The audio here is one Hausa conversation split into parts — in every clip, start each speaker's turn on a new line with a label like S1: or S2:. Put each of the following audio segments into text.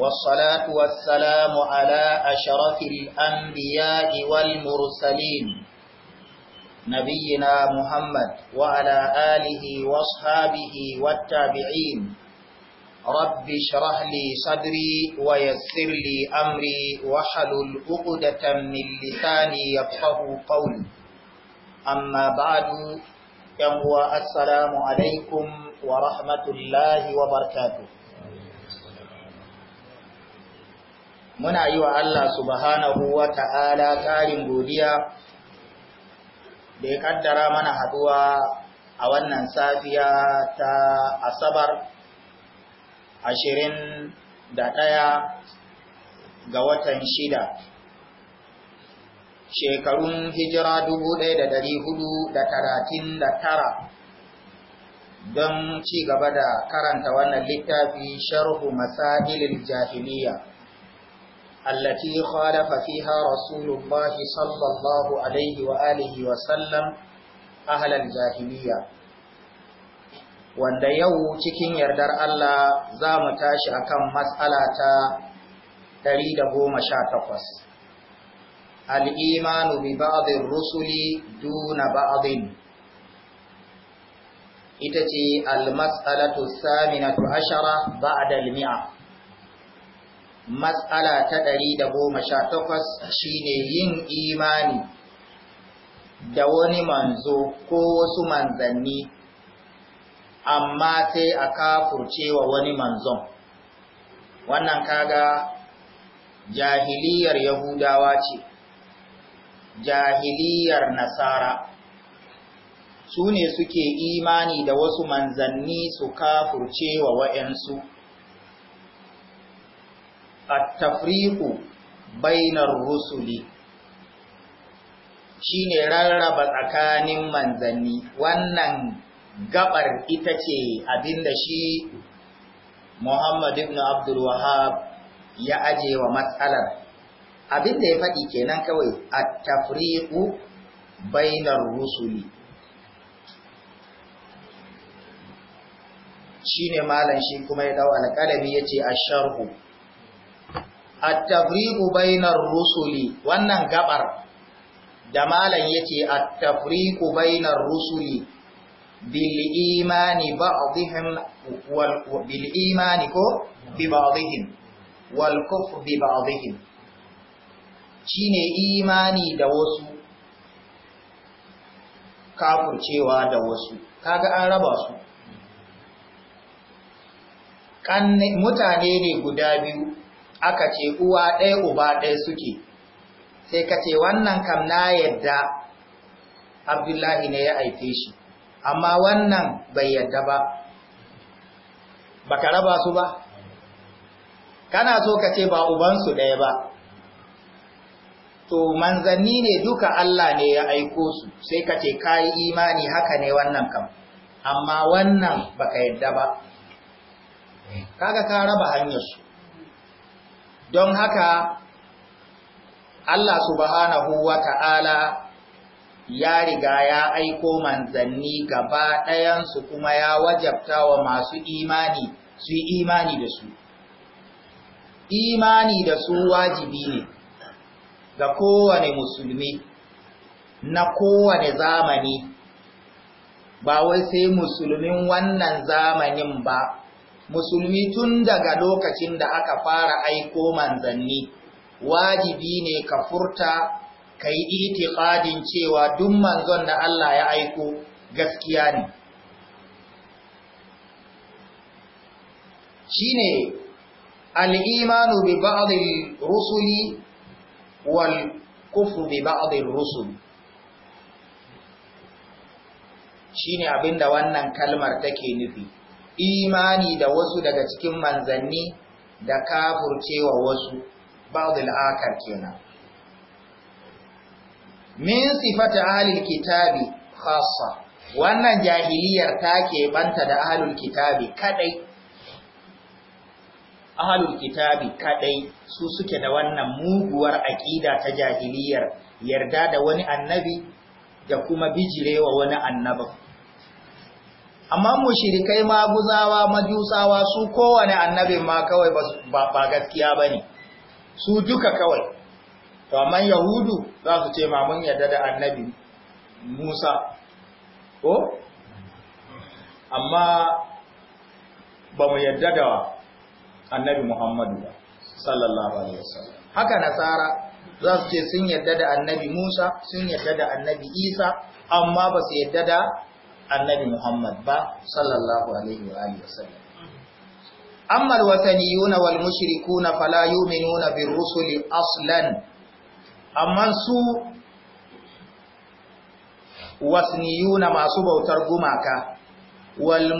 S1: والصلاة والسلام على أشرف الأنبياء والمرسلين نبينا محمد وعلى آله واصحابه والتابعين رب اشرح لي صدري ويسر لي أمري وحل الأقدة من لساني يفقه قولي أما بعد يموى السلام عليكم ورحمة الله وبركاته muna yi wa Allah subhanahu wa ta'ala ƙarin godiya da ya ƙaddara mana haduwa a wannan safiya ta Asabar ashirin da ɗaya ga watan shida. Shekarun hijira dubu da ɗari hudu da talatin da tara don ci gaba da karanta wannan littafi sharhu masa'ilin jahiliya. التي خالف فيها رسول الله صلى الله عليه وآله وسلم أهل الجاهلية wanda yau cikin yardar Allah za mu tashi a akan matsala ta 118 al-imanu bi ba'adin rusuli duna ba'adin. ita ce al-mas'alatu saminatu ashara ba'da mia matsala ta ɗari da goma sha takwas shine yin imani da wani manzo ko wasu manzanni amma sai a wa wani manzon wannan kaga jahiliyar yahudawa ce jahiliyar nasara su ne suke imani da wasu manzanni su kafurcewa wa'yansu at-tafriqu bainar rusuli shine rarraba tsakanin manzanni wannan gabar ita ce abinda shi Muhammad ibn Abdul Wahab ya aje wa matsalar abinda ya faɗi kenan kawai A tafriku bainar rusuli shine malam shi kuma ya dau alƙalami yace a sharhu at-tafriqu bainar rusuli wannan gabar da malam yace at-tafriqu bainar rusuli bil imani ba'dihim wal bil imani ko bi ba'dihim wal kufr bi ba'dihim shine imani da wasu cewa da wasu kaga an raba su mutane ne guda biyu aka ce uwa ɗaya uba ɗaya suke sai ka ce wannan kam na yadda abdullahi ne ya haife shi amma wannan bai yadda ba Ba ka raba su ba kana so ka ce ba ubansu ɗaya ba to manzanni ne duka Allah ne ya aiko su sai ka ce ka yi imani haka ne wannan kam amma wannan ba ka yadda ba kaga ka raba hanyar su don haka Allah subhanahu wa ta'ala ya riga ya aiko manzanni gaba ɗayansu kuma ya wajabta wa masu imani su yi imani da su. Imani da su wajibi ne ga kowane musulmi na kowane zamani, ba wai sai musulmin wannan zamanin ba musulmi tun daga lokacin da aka fara aiko manzanni wajibi ne ka furta ka yi itiƙadin cewa duk manzon da Allah ya aiko gaskiya ne shine al'imanu bi ba'adil rusuli wal Kufu bi ba'adil rusuli shine abinda wannan kalmar take nufi imani da wasu daga cikin manzanni da kafurcewa wasu da la'akar kenan min sifata ahlil kitabi khassa wannan jahiliyar ta ke banta da ahlul kitabi kadai kitabi kadai su suke da wannan muguwar aƙida ta jahiliyar yarda da wani annabi da kuma bijirewa wani annabi amma mushrikai maguzawa majusawa su kowane annabin ma kawai ba gaskiya bane su duka kawai to amma yahudu za su ce ma mun yarda da annabi Musa ko amma ba mu yarda da annabi Muhammadu ba sallallahu alaihi wasallam haka nasara za su ce sun yarda da annabi Musa sun yarda da annabi Isa amma ba su yarda da annabi Muhammad ba sallallahu alaihi wa alihi wasallam amma alwataniyuna wal mushrikuna fala yu'minuna rusuli aslan amma su wasniyuna masu bautar gumaka wal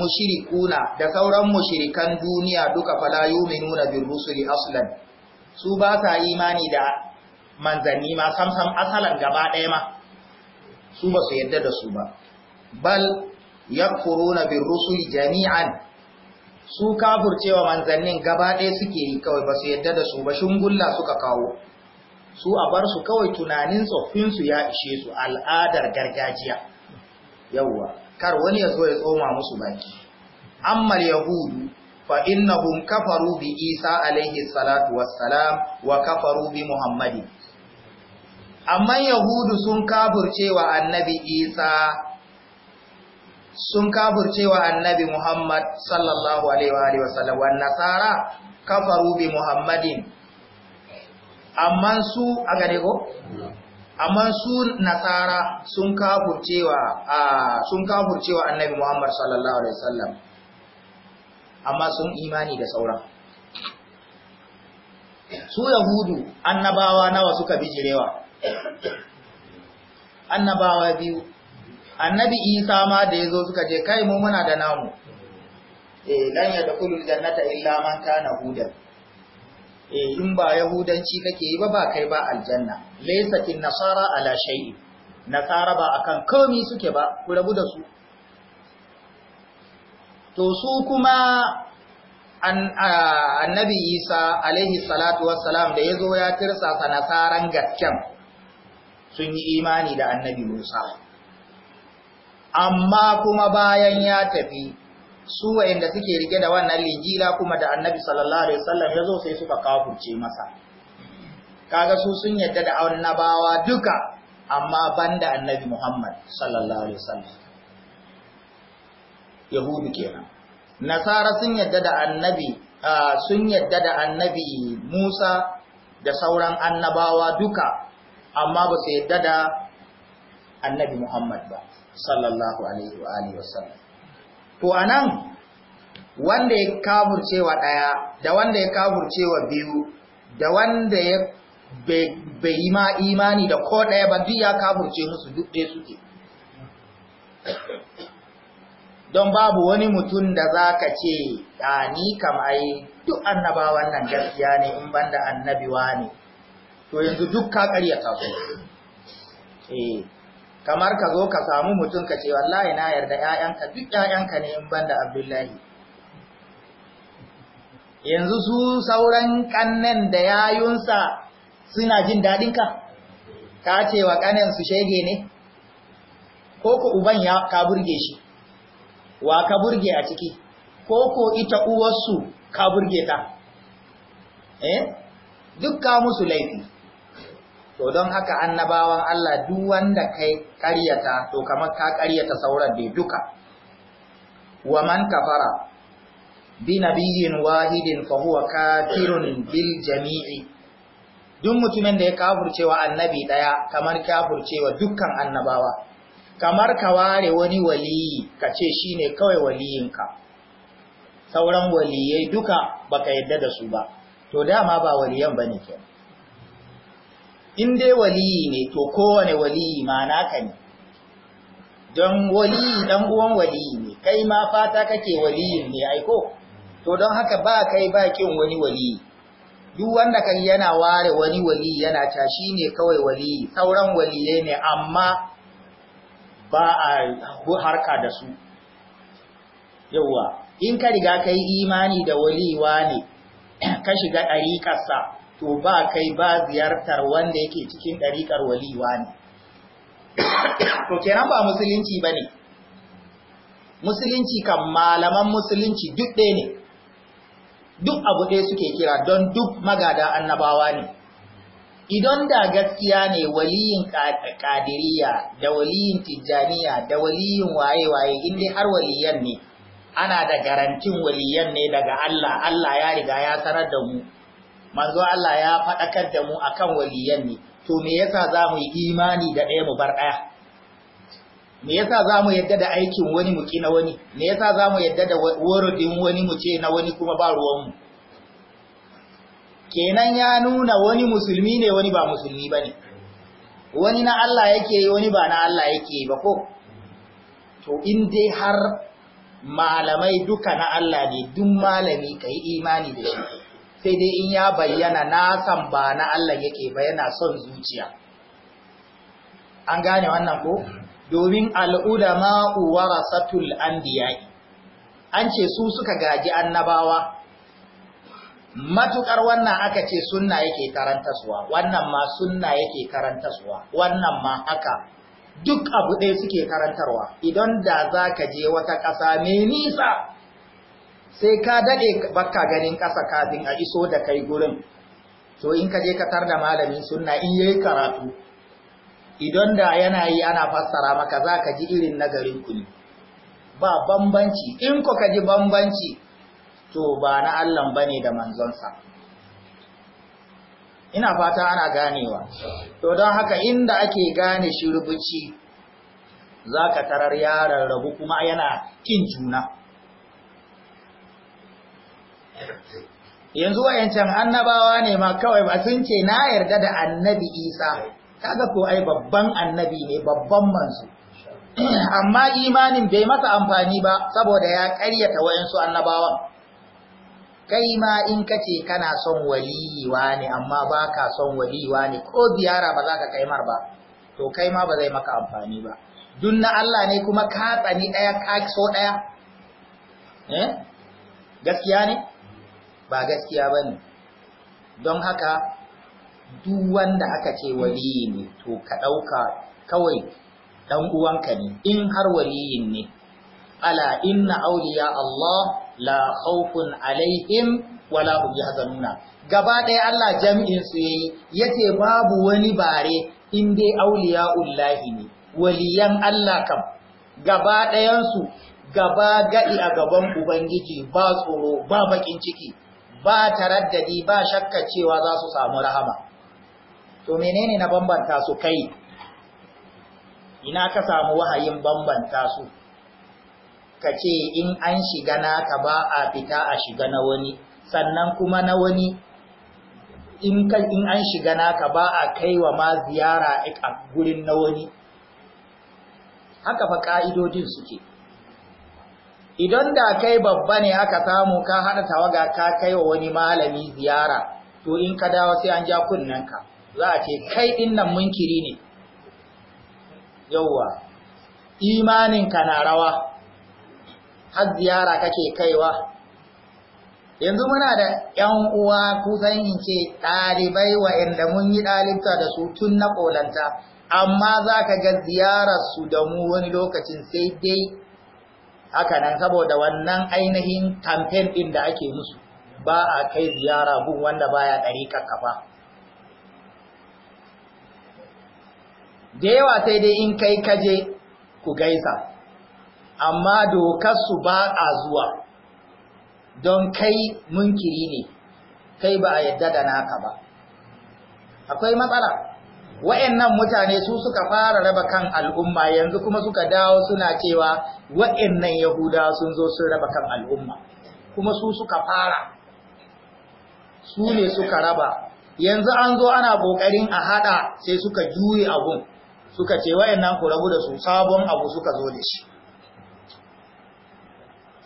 S1: da sauran mushrikan duniya duka fala yu'minuna bir rusuli aslan su ba ta imani da Manzani ma samsam gaba ɗaya ma su basu yadda da su ba bal yakfuruna bir rusuli jami'an su kafurcewa manzannin gaba ɗaya suke yi kawai ba su yadda da su ba shungulla suka kawo su a bar su kawai tunanin tsoffinsu ya ishe su al'adar gargajiya yawwa kar wani ya zo ya tsoma musu baki amma yahudu fa innahum kafaru bi isa alaihi salatu wassalam wa kafaru bi muhammadin amma yahudu sun kafurcewa annabi isa sun kafircewa annabi Muhammad sallallahu alaihi wa nasara kafaru bi Muhammadin amma su a gane ko amma su nasara sun kafurcewa sun kafurcewa annabi Muhammad sallallahu alaihi wasallam amma sun imani da sauran su yahudu annabawa nawa suka bijirewa annabawa biyu annabi isa ma da ya zo suka je kai mu muna da namu eh lan ya dakulu jannata illa man kana huda eh in ba yahudanci kake yi ba ba kai ba aljanna kin nasara ala shay'in nasara ba akan komai suke ba ku rabu da su to su kuma annabi isa alaihi salatu wassalam da yazo ya tirsasa nasaran gasken sun yi imani da annabi musa amma kuma bayan ya tafi su wa'inda suke rike da wannan lijila kuma da annabi sallallahu alaihi wasallam ya zo sai suka kafurce masa kaga su sun yadda da annabawa duka amma banda annabi muhammad sallallahu alaihi wasallam yahudu kenan nasara sun yadda da annabi sun yadda da annabi musa da sauran annabawa duka amma ba su yadda da annabi muhammad ba sallallahu alaihi wa alihi wasallam to anan wanda ya kafurcewa daya da wanda ya kafurcewa biyu da wanda ya bai yi ma imani da ko daya ba duk ya kafurce musu duk dai suke don babu wani mutum da za ka ce ni kam ai duk annabawan nan gaskiya ne in banda annabiwa ne to yanzu duk ka ƙaryata su eh. kamar ka zo ka samu mutum ka ce wallahi na yarda ƴaƴanka duk ƴaƴanka ne in banda Abdullahi yanzu su sauran kannen da yayunsa suna jin dadin ka ka ce wa kannen su shege ne ko ko uban ya ka burge shi wa ka burge a ciki ko ko ita uwarsu ka burge ta eh duk ka musu laifi to don haka annabawan Allah duk wanda kai ƙaryata to kamar ka ƙaryata sauran da duka wa man kafara bi nabiyyin wahidin fa huwa kafirun bil jami'i duk mutumin da ya kafurcewa annabi daya kamar wa dukkan annabawa kamar ka ware wani waliyi ka ce shine kawai waliyinka sauran waliyai duka baka yadda da su ba to dama ba waliyan bane kenan in dai waliyi ne to kowane waliyi ma naka ne don waliyi dan uwan waliyi ne kai ma fata kake waliyin ne aiko to don haka ba kai ba kin wani waliyi duk wanda kan yana ware wani waliyi yana ta ne kawai waliyi sauran waliye ne amma ba a harka da su yauwa in ka riga kai imani da waliwa ne ka shiga ɗariƙarsa to ba kai ba ziyartar wanda yake cikin ɗariƙar waliwa ne to kenan ba musulunci ba ne musulunci kan malaman musulunci duk ɗaya ne duk abu ɗaya suke kira don duk magada annabawa ne idan da gaskiya ne waliyin ƙadiriya da waliyin tijjaniya da waliyin waye-waye inda har waliyan ne ana da garantin waliyan ne daga Allah Allah ya riga ya sanar da mu manzo Allah ya faɗakar da mu akan waliyan ne to me yasa za mu yi imani da ɗaya mu bar ɗaya me yasa za mu yadda da aikin wani mu na wani me yasa za mu yadda da warodin wani mu ce na wani kuma ba mu kenan ya nuna wani musulmi ne wani ba musulmi ba ne wani na Allah yake yi wani ba na Allah yake yi ba ko to in dai har malamai duka na Allah ne duk malami ka yi imani da shi sai dai in ya bayyana na san ba na Allah yake ba yana son zuciya an gane wannan ko domin al'udama warasatul anbiya'i an ce su suka gaji annabawa matukar wannan aka ce sunna yake karantaswa wannan ma sunna yake karantaswa wannan ma haka duk abu ɗaya suke karantarwa idan da za ka je wata ƙasa mai nisa sai ka daɗe baka ganin ƙasa kafin a iso da kai gurin to in ka je ka tar da malamin sunna in yayi karatu idan da yana yi ana fassara maka za ka ji irin nagarin ku ne ba bambanci in ko ka ji bambanci to ba na Allah bane da manzonsa ina fata ana ganewa to don haka inda ake gane shirbuci za ka tarar yaran rabu kuma yana kin juna yanzu wayancan annabawa ne ma kawai ba sun ce na yarda da annabi isa kaga ko ai babban annabi ne babban mansu amma imanin bai masa amfani ba saboda ya karyata wayansu annabawan kai ma in ka ce kana son waliwa ne amma ba son waliwa ne ko ziyara ba za ka kai mar ba to kai ma ba zai maka amfani ba dun na Allah ne kuma ka tsani ɗaya ka so ɗaya eh gaskiya ne ba gaskiya ba ne don haka duk wanda aka ce waliyi ne to ka ɗauka kawai ɗan uwanka ne in har waliyin ne ala inna auliya Allah la khawfun alaihim wala hum yahzanuna gaba ɗaya Allah jami'in su yayi yace babu wani bare in dai ullahi ne waliyan Allah kam gaba ɗayan su gaba gadi a gaban ubangiji ba tsoro ba bakin ciki ba taraddadi ba shakka cewa za su samu rahama to menene na bambanta su kai ina ka samu wahayin bambanta su ka ce in an shiga naka ba a fita a shiga na wani sannan kuma na wani in an shiga naka ba a wa ma ziyara a gurin na wani haka fa ka'idodin suke idan da kai babba ne aka samu ka haɗa tawaga ka kai wa wani malami ziyara to in ka dawo sai an ja kunnenka za a ce kai ɗin nan munkiri ne yauwa imaninka na rawa har ziyara kake kaiwa yanzu muna da ‘yan uwa kusan in ce ɗalibai wa'inda mun yi ɗalibta da su tun na ƙolanta amma za ka ga ziyararsu da mu wani lokacin sai dai haka nan saboda wannan ainihin kamfen ɗin da ake musu ba a kai ziyara gun wanda baya ɗariƙar kafa da yawa sai dai in kai kaje ku gaisa amma su ba a zuwa don kai munkiri ne kai ba a yadda da naka ba akwai matsala wa'annan mutane su suka fara raba kan al'umma yanzu kuma suka dawo suna cewa wa'annan yahuda sun zo sun raba kan al'umma kuma su suka fara su ne suka raba yanzu an zo ana ƙoƙarin a hada sai suka juyi abun suka ce wayannan ku rabu da su sabon abu suka zo da shi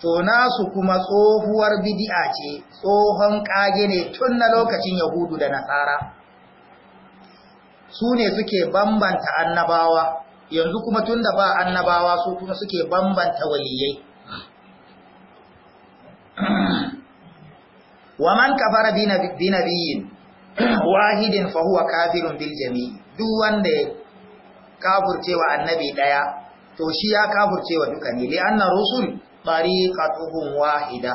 S1: to su kuma tsohuwar bidi'a ce tsohon ƙage ne tun na lokacin yahudu da nasara su ne suke bambanta annabawa yanzu kuma tun da ba annabawa su kuma suke bambanta waliyai wa man kafara bi nabiyyin wahidin fa huwa kafirun bil jami' duk wanda ya wa annabi daya to shi ya kafurcewa duka ne li'anna rusul tariqatuhum wahida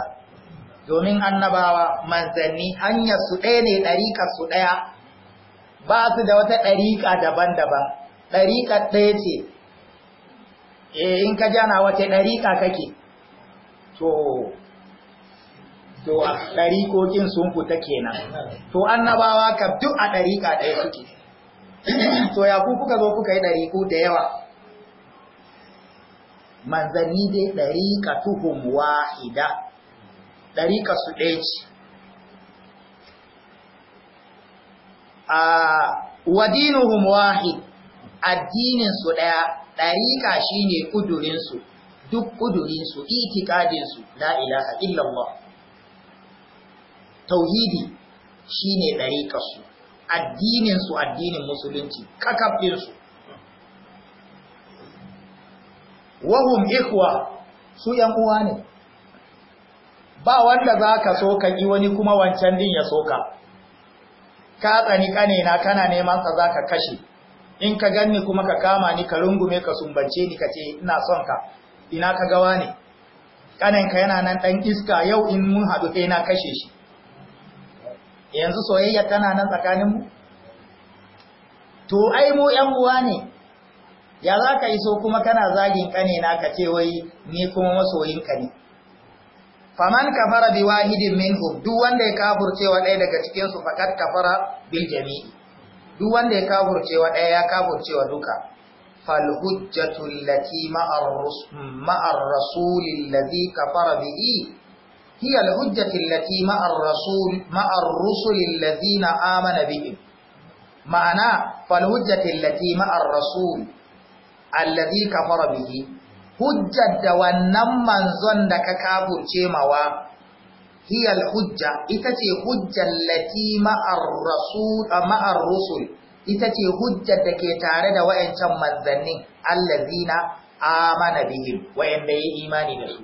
S1: domin annabawa manzanni hanyar su ɗaya ne ɗariƙar su ɗaya ba su da wata ɗariƙa daban-daban ɗariƙa ɗaya ce eh, in ka jana wace ɗariƙa kake to to a ɗariƙokin sun fita kenan to annabawa ka duk a ɗariƙa ɗaya suke to ya ku kuka zo kuka yi ɗariƙo da yawa manzanni dai ɗariƙa tuhun wahida ɗariƙa su ɗaya ce wadinuhum wahid addinin su daya dariqa shine kudurin su duk kudurin su itikadin su la ilaha illallah tauhidi shine dariqa su addinin su addinin musulunci kakafin su wahum ikhwa su yan uwa ne ba wanda zaka so ka yi wani kuma wancan din ya soka ka tsani ƙanena kana neman sa za ka kashe in ka ganni kuma ka kama ni ka rungume ka sumbance ni ka ina son ka ina ka gawa ne ka yana nan 'dan iska yau in mun haɗu kai na kashe shi yanzu soyayya tana nan tsakaninmu to ai mu ‘yan uwa ne ya zaka iso kuma kana zagin ƙanena ka ce wai ni kuma masoyinka ne faman kafara bi wahidin minhum duk wanda ya kafurcewa ɗaya daga cikin su fakat kafara bil jami'i duk wanda ya kafurcewa ɗaya ya kafurcewa duka fal hujjatu allati ma'ar rasul allazi kafara bihi hiya al hujjatu allati ma'ar rasul ma'ar rusul allazina amana bihim ma'ana fal hujjatu allati ma'ar rasul allazi kafara bihi hujjar da wannan manzon da ka kafurce mawa hiyal hujja ita ce hujjar lati ma'ar rusul ita ce hujjar da ke tare da wayancan manzannin allazina amana bihim da yi imani da su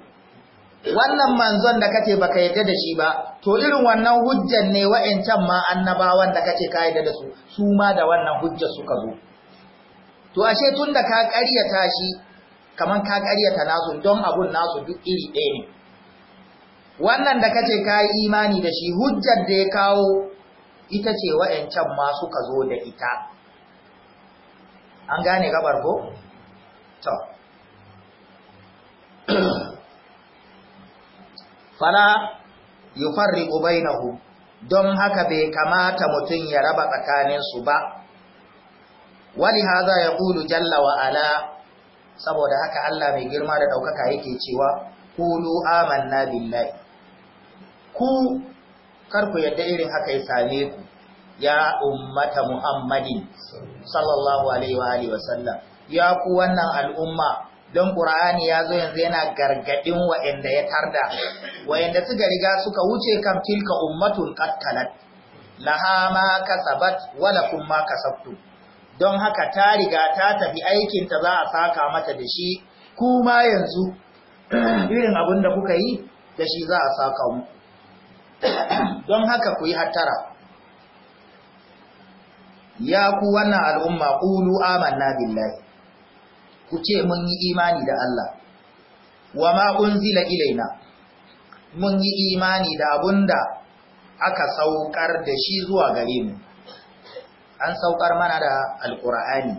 S1: wannan manzon da kace baka yadda da shi ba to irin wannan hujjar ne wayancan ma annabawan da kace ka yadda da su su ma da wannan hujjar suka zo to ashe tunda ka ƙaryata shi kamar ka ta nasu don abun nasu duk iri ɗaya ne wannan da kace ka imani da shi hujjar da ya kawo ita ce wa'yancan ma suka zo da ita an gane gabar ko? to fara yi farri ubainahu don haka bai kamata mutum ya raba tsakaninsu ba wani haza ya ƙulu jalla wa'ala saboda haka Allah mai girma da ɗaukaka yake cewa kulu amanna billahi ku karku yadda irin haka ya same ku ya ummata muhammadin sallallahu alaihi wa alihi wasallam ya ku wannan al'umma don qur'ani ya zo yanzu yana gargadin wa'anda ya tarda wa'anda suka riga suka wuce kam tilka ummatun qattalat laha ma kasabat wa lakum ma kasabtum don haka ta riga ta tafi aikinta za a saka mata da shi kuma yanzu irin abin da kuka yi da shi za a saka mu don haka ku yi hattara ya ku wannan al'umma ƙulu amanna billahi ku ce mun yi imani da Allah wa ma'un zila ilaina mun yi imani da abunda aka saukar da shi zuwa gare mu an saukar mana da alqur'ani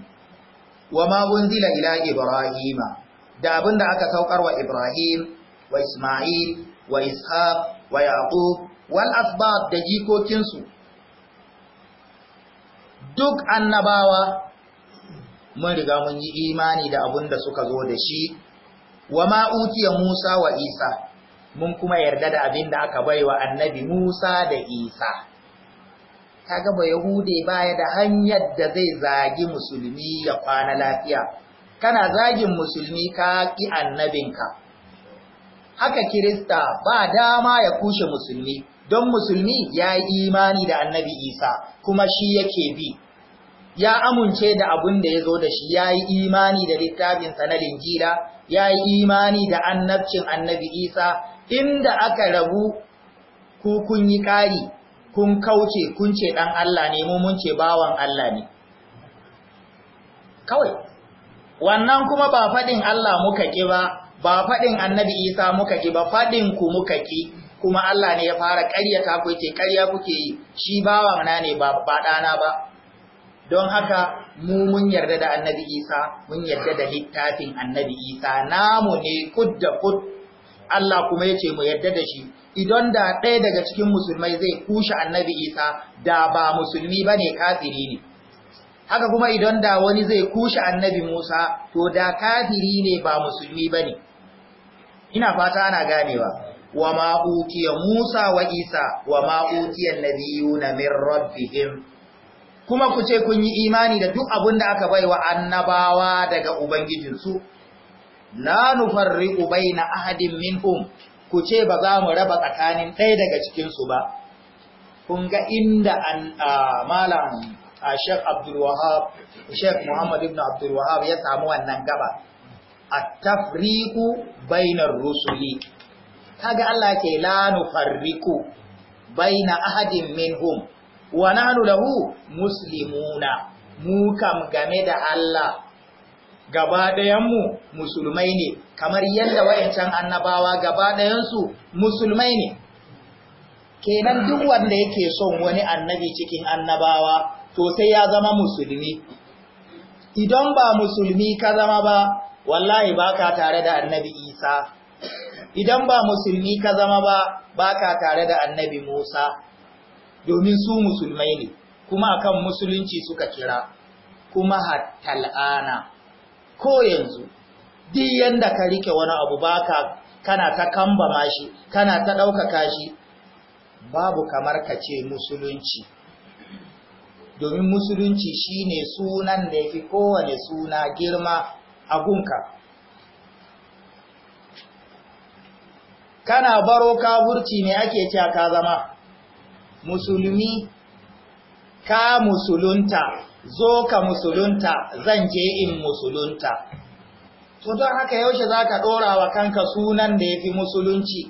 S1: ma unzila ila ibrahima da abinda aka saukar wa ibrahim wa isma'il wa ishaq wa yaqub wal asbab da jikokin su duk annabawa mun riga mun yi imani da abinda suka zo da shi ma utiya musa wa isa mun kuma yarda da abinda aka baiwa annabi musa da isa kaga ba yahude baya da hanyar da zai zagi musulmi ya kwana lafiya kana zagin musulmi ka ki annabinka haka kirista ba dama ya kushe musulmi don musulmi ya yi imani da annabi isa kuma shi yake bi ya amince da abun da ya zo da shi ya yi imani da littafinsa na linjila ya yi imani da annabcin annabi isa inda aka rabu kukun yi ƙari kun kauce kun ce ɗan Allah ne mu mun ce bawan Allah ne kawai wannan kuma ba faɗin Allah muka ƙi ba ba faɗin annabi isa muka ƙi ba faɗin ku muka ƙi kuma Allah ne ya fara ta ku ce ƙarya kuke yi shi bawan na ne ba ɗana ba don haka mu mun yarda da annabi isa mun yarda da littafin annabi isa namu ne kud da kud Allah kuma ya ce mu yadda da shi idan da ɗaya daga cikin musulmai zai kushe annabi isa da ba musulmi ba ne kafiri ne haka kuma idan da wani zai kushe annabi musa to da kafiri ne ba musulmi ba ne ina fata ana ganewa wa ma'utiya musa wa isa wa nabi yuna min rabbihim kuma ku ce kun yi imani da duk abin da aka baiwa annabawa daga ubangijinsu la nufarriqu baina ahadin minhum ku ce ba za mu raba tsakanin ɗaya daga cikin su ba kun ga inda an malam Sheikh Abdul Wahhab Sheikh Muhammad ibn Abdul Wahhab ya samu wannan gaba at-tafriqu bainar rusuli kaga Allah ke la nufarriqu baina ahadin minhum wa nahnu lahu muslimuna mu kam game da Allah gaba ɗayanmu musulmai ne kamar yadda wayancan annabawa gaba ɗayansu musulmai ne kenan duk wanda yake son wani annabi cikin annabawa to sai ya zama musulmi idan ba musulmi ka zama ba wallahi baka tare da annabi isa idan ba musulmi ka zama ba baka tare da annabi musa domin su musulmai ne kuma akan musulunci suka kira kuma hatta al'ana ko yanzu duk yanda ka rike wani abu baka kana ta kambama shi kana ta ɗaukaka shi babu kamar ka ce musulunci domin musulunci shine sunan da yafi kowane suna girma a gunka kana baro kafurci ne ake cewa ka zama musulmi ka musulunta zo ka musulunta zan je in musulunta to don haka yaushe za ka ɗora wa kanka sunan da ya fi musulunci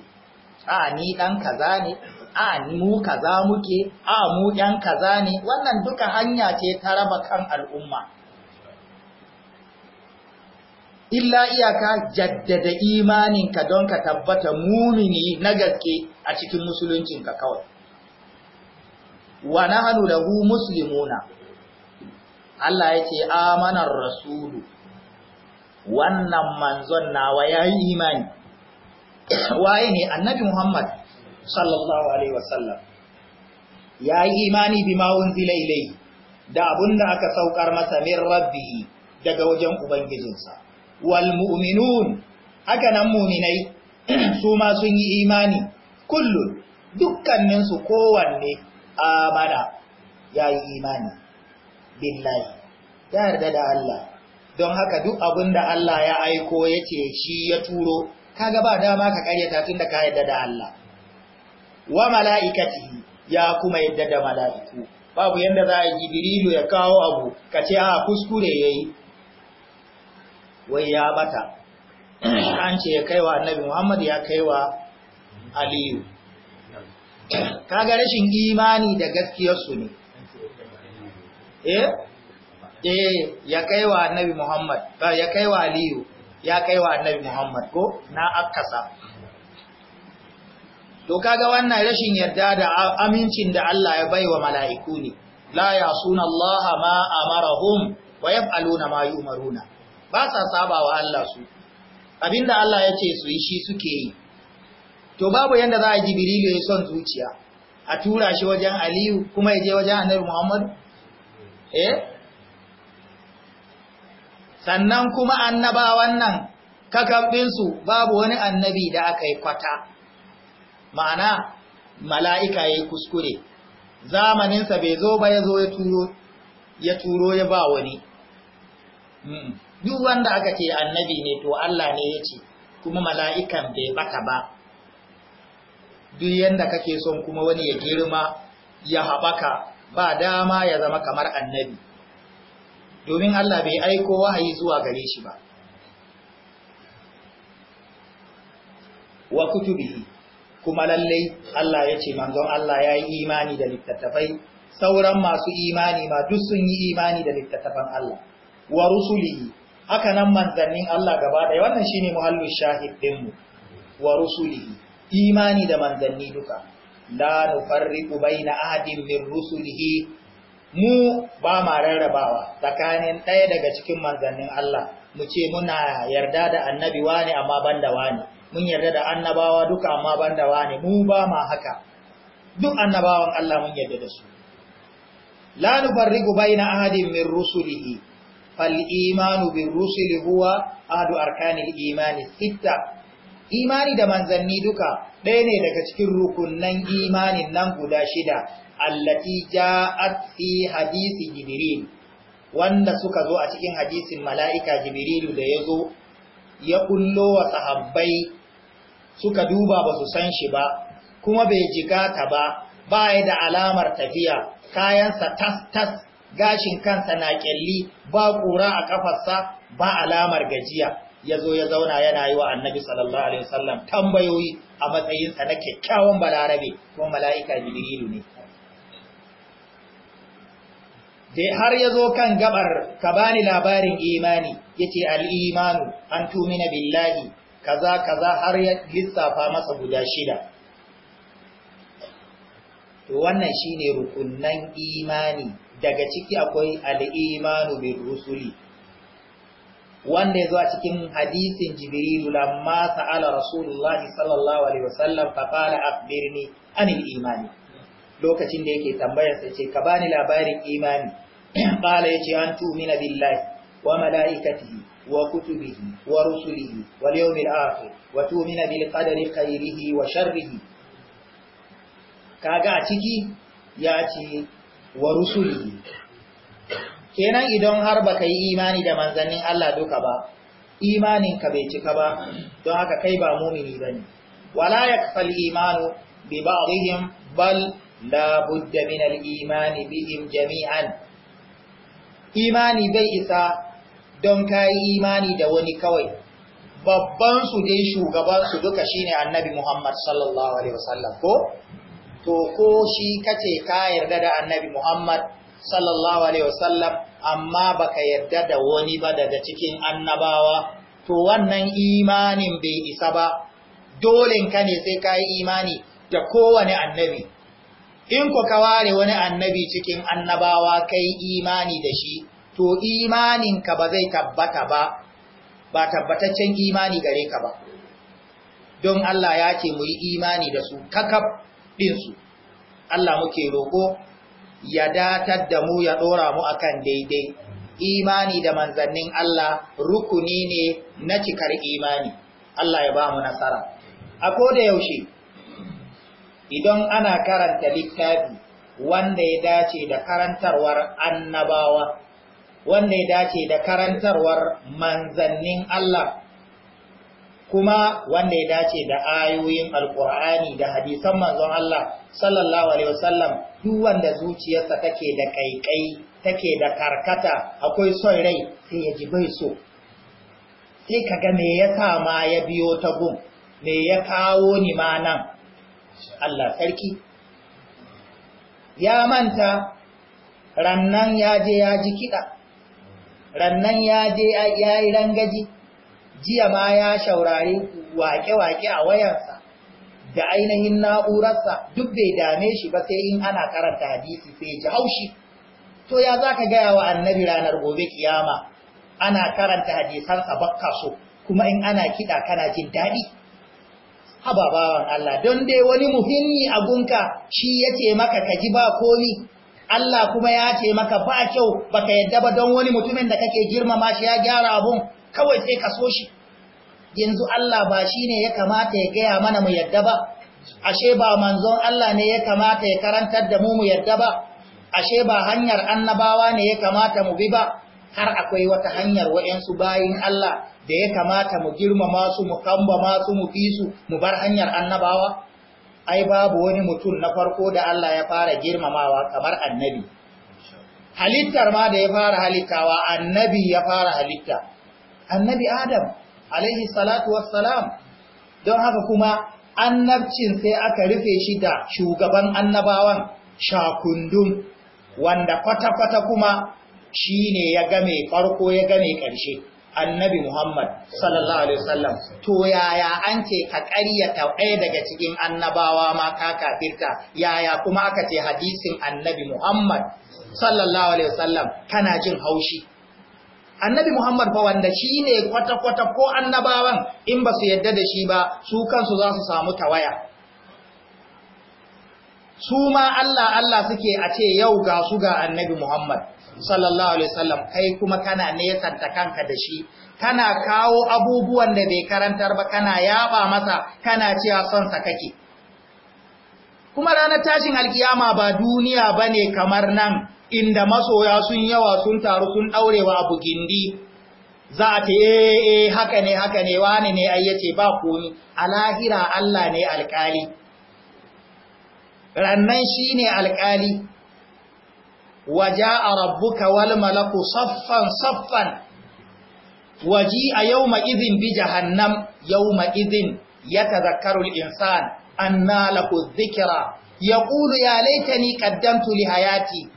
S1: a ni ɗan kaza ne a mu kaza muke a mu ɗan kaza ne wannan duka hanya ce ta raba kan al'umma illa iyaka jaddada imaninka don ka tabbata mumini na gaske a cikin musuluncinka kawai wa nahanu lahu muslimuna Allah ya ce amanar rasulu wannan manzon nawa ya yi imani waye ne annabi Muhammad sallallahu alaihi wasallam ya yi imani bi ma'un zilailai da abunda aka saukar masa min rabbi daga wajen ubangijinsa wal mu'minun haka nan mu'minai su ma sun yi imani kullum, dukkaninsu kowanne amana ya yi imani billahi ya yarda da Allah don haka duk abin da Allah ya aiko ya ce shi ya turo kaga ba dama ka karyata tun da ka yarda da Allah wa mala'ikati ya kuma yarda da mala'iku babu yanda za a yi, jibrilu ya kawo abu ka ce a ah, kuskure yayi wai ya bata an ce ya kaiwa annabi Muhammad ya kaiwa Aliyu kaga rashin imani da gaskiyarsu ne eh eh ya kaiwa annabi Muhammad ya kaiwa Aliyu ya kaiwa annabi Muhammad ko na akasa to kaga wannan rashin yarda da amincin da Allah ya bai wa mala'iku ne la yasuna Allah ma amarahum wa yaf'aluna ma yumaruna ba sa sabawa Allah su abinda Allah ya ce su yi shi suke yi to babu yanda za a jibrilu ya son zuciya a tura shi wajen Aliyu kuma ya je wajen Annabi Muhammad eh sannan kuma annabawan nan kakabinsu babu wani annabi da aka yi kwata ma'ana mala'ika ya yi kuskure zamaninsa bai zo ba ya zo ya turo ya ba wani hmm. duk wanda aka ce annabi ne to Allah ne ya ce kuma mala'ikan bai bata ba duk yanda kake son kuma wani ya girma ya haɓaka ba dama ya zama kamar annabi domin Allah bai aiko wahayi zuwa gare shi ba wa bihi, kuma lallai Allah ya ce manzon Allah ya yi imani da littattafai sauran masu imani ma duk sun yi imani da littattafan Allah wa rusulihi haka nan manzannin Allah gaba ɗaya wannan shine muhallin shahid ɗinmu wa rusulihi imani da manzanni duka la nufarriqu baina ahadin min rusulihi mu ba ma rarrabawa tsakanin ɗaya daga cikin manzannin Allah mu ce muna yarda da annabi wani amma banda wani mun yarda da annabawa duka amma banda wani mu ba ma haka duk annabawan Allah mun yarda da su la nufarriqu baina ahadin min rusulihi fal imanu bir rusuli huwa adu arkanil imani sitta imani da manzanni duka ɗaya ne daga cikin rukunnan imanin nan guda shida allati ja'at fi hadisi jibril wanda suka zo a cikin hadisin mala'ika jibrilu da ya zo ya kullo wa sahabbai suka duba ba su san shi ba kuma bai ta ba ba ya da alamar tafiya kayansa tas tas gashin kansa na kyalli ba ƙura a kafarsa ba alamar gajiya ya zo ya zauna yana yi wa annabi sallallahu alaihi wasallam tambayoyi a matsayinsa na kyakkyawan balarabe kuma mala'ika jibrilu ne dai har ya zo kan gabar ka bani labarin imani yace al-imanu an tumina billahi kaza kaza har ya lissafa masa guda shida to wannan shine rukunnan imani daga ciki akwai al-imanu bir rusuli wanda ya zo a cikin hadisin jibrilu lamma sa'ala rasulullah sallallahu alaihi wasallam fa qala akhbirni anil imani lokacin da yake tambayar sa ce ka bani labarin imani qala yace an tu'mina billahi wa malaikatihi wa kutubihi wa rusulihi wal yawmil akhir wa tu'mina bil qadari khairihi wa sharrihi kaga a ciki ya ce wa rusulihi kenan idan har ba ka yi imani da manzannin Allah duka ba imanin ka bai cika ba don haka kai ba mumini bane wala yakfal imanu bi ba'dihim bal la budda min al imani bihim jami'an imani bai isa don kayi imani da wani kawai babban su dai shugaban su duka shine annabi Muhammad sallallahu alaihi wasallam ko to ko shi kace ka yarda da annabi Muhammad sallallahu alaihi wasallam amma baka yarda da wani ba daga cikin annabawa to wannan imanin bai isa ba dole ka ne sai ka yi imani da kowane annabi in ku ka ware wani annabi cikin annabawa kai imani da shi to imanin ka ba zai tabbata ba ba tabbataccen imani gare ka ba don Allah ya ce mu yi imani da su kakab ɗinsu Allah muke roko. ya datar da mu ya ɗora mu akan daidai imani da manzannin Allah rukuni ne na cikar imani Allah ya ba mu nasara a da yaushe idan ana karanta littafi wanda ya dace da karantarwar annabawa wanda ya dace da karantarwar manzannin Allah kuma wanda ya dace da ayoyin alkur'ani da hadisan manzon Allah sallallahu alaihi wasallam duk wanda zuciyarsa take da kaikai take da karkata akwai son rai sai ya ji bai so sai kaga me yasa ma ya biyo ta gun me ya kawo ni ma nan Allah sarki ya manta rannan ya je ya ji kiɗa, rannan ya je ya yi rangaji jiya ma ya shaurare wake-wake a wayarsa da ainihin na'urarsa duk bai dame shi ba sai in ana karanta hadisi sai ya ji haushi to ya za ka gaya wa annabi ranar gobe kiyama ana karanta hadisansa bakka so kuma in ana kiɗa kana jin daɗi bawan Allah don dai wani muhimmi a gunka shi ya ce maka ka ji ba komi Allah kuma ya ce maka ba kyau baka yadda ba don wani mutumin da kake girmama shi ya gyara abun kawai sai ka so shi yanzu Allah ba shi ne ya kamata ya gaya mana mu yadda ba ashe ba manzon Allah ne ya kamata ya karantar da mu mu yadda ba ashe ba hanyar annabawa ne ya kamata mu bi ba har akwai wata hanyar waɗansu bayin Allah da ya kamata mu girmama su mu kamba masu mu fi su mu bar hanyar annabawa ai babu wani mutum na farko da Allah ya fara girmamawa kamar annabi halittar ma da ya fara halittawa annabi ya fara halitta annabi adam alaihi salatu wassalam don haka kuma annabcin sai aka rufe shi da shugaban annabawan shakundun wanda kwata-kwata kuma shi ne ya game farko ya game ƙarshe annabi Muhammad sallallahu Alaihi wasallam to yaya an ce ka ƙaryata ɗaya daga cikin annabawa ma ka kafirta yaya kuma aka ce hadisin annabi Muhammad sallallahu Alaihi wasallam kana jin haushi annabi Muhammad fa wanda shi ne kwata-kwata ko annabawan in ba su yadda da shi ba su kansu za su samu tawaya su ma Allah Allah suke a ce yau ga su ga annabi Muhammad sallallahu alaihi wasallam kai kuma kana nesanta kanka da shi kana kawo abubuwan da bai karantar ba kana yaba masa kana cewa son sa kake kuma ranar tashin alkiyama ba duniya bane kamar nan inda masoya sun yawa sun taru sun wa abu gindi za a ce eh, eh haka ne haka ne wani ne ai yace ba komi alahira Allah ne alkali rannan shine alkali waja'a rabbuka wal malaku saffan saffan a yawma idhin bi jahannam yawma idhin yatadhakkaru al-insan anna lahu dhikra yaqulu ya laitani qaddamtu li hayati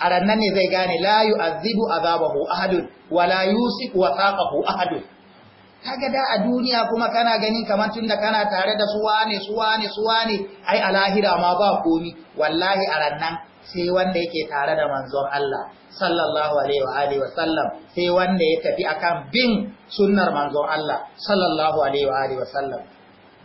S1: a rannan ne zai gane layu azibu azabahu ahadun wala, yusuf, yusiku wasaqahu ahadun kaga da a duniya kuma kana ganin kamar tunda kana tare da su wane su wane su wane ai a lahira ma ba komi wallahi a rannan sai wanda yake tare da manzon Allah sallallahu alaihi wa alihi wa sallam sai wanda ya tafi akan bin sunnar manzon Allah sallallahu alaihi wa alihi wa sallam